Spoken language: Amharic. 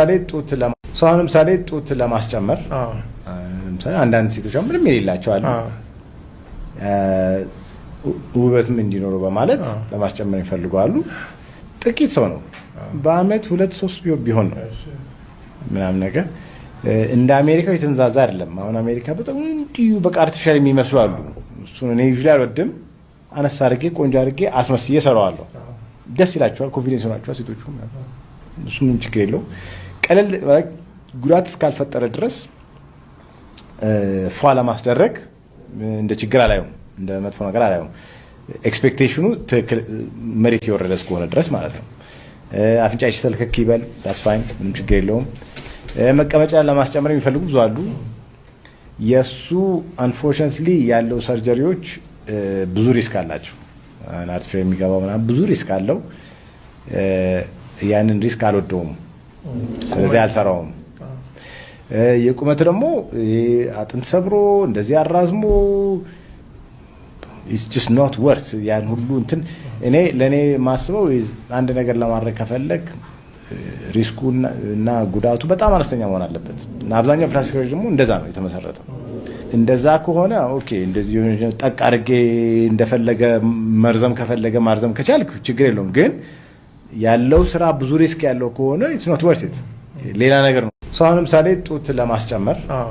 ጡት ሰው ለምሳሌ ጡት ለማስጨመር አንዳንድ ሴቶች ምንም የሌላቸው ውበትም እንዲኖሩ በማለት ለማስጨመር ይፈልገዋሉ። ጥቂት ሰው ነው በአመት ሁለት ሶስት ቢሆን ነው ምናምን ነገር እንደ አሜሪካ የተንዛዛ አይደለም። አሁን አሜሪካ በጣም እንዲሁ በቃ አርቲፊሻል የሚመስሉ አሉ። እሱን እኔ ዩዥ አልወድም። አነሳ አድርጌ ቆንጆ አድርጌ አስመስዬ እሰራዋለሁ። ደስ ይላቸዋል፣ ኮንፊደንስ ይሆናቸዋል ሴቶቹ። እሱ ምን ችግር የለው ቀለል ጉዳት እስካልፈጠረ ድረስ ፏ ለማስደረግ እንደ ችግር አላየውም፣ እንደ መጥፎ ነገር አላየውም። ኤክስፔክቴሽኑ ትክክል መሬት የወረደ እስከሆነ ድረስ ማለት ነው። አፍንጫ ሲሰልክክ ይበል ዳስፋይን ምንም ችግር የለውም። መቀመጫ ለማስጨመር የሚፈልጉ ብዙ አሉ። የእሱ አንፎርችነትሊ ያለው ሰርጀሪዎች ብዙ ሪስክ አላቸው። ናርትፌር የሚገባው ምናምን ብዙ ሪስክ አለው። ያንን ሪስክ አልወደውም። ስለዚህ አልሰራውም። የቁመት ደግሞ አጥንት ሰብሮ እንደዚህ አራዝሞ ስ ኖት ወርት ያን ሁሉ እንትን እኔ ለእኔ ማስበው አንድ ነገር ለማድረግ ከፈለግ ሪስኩ እና ጉዳቱ በጣም አነስተኛ መሆን አለበት። አብዛኛው ፕላስቲክ ሰርጀሪ ደግሞ እንደዛ ነው የተመሰረተው። እንደዛ ከሆነ ኦኬ፣ እንደዚህ ጠቅ አድርጌ እንደፈለገ መርዘም ከፈለገ ማርዘም ከቻልክ ችግር የለውም ግን ያለው ስራ ብዙ ሪስክ ያለው ከሆነ ኢትስ ኖት ወርት ኢት ሌላ ነገር ነው። ሰው ለምሳሌ ጡት ለማስጨመር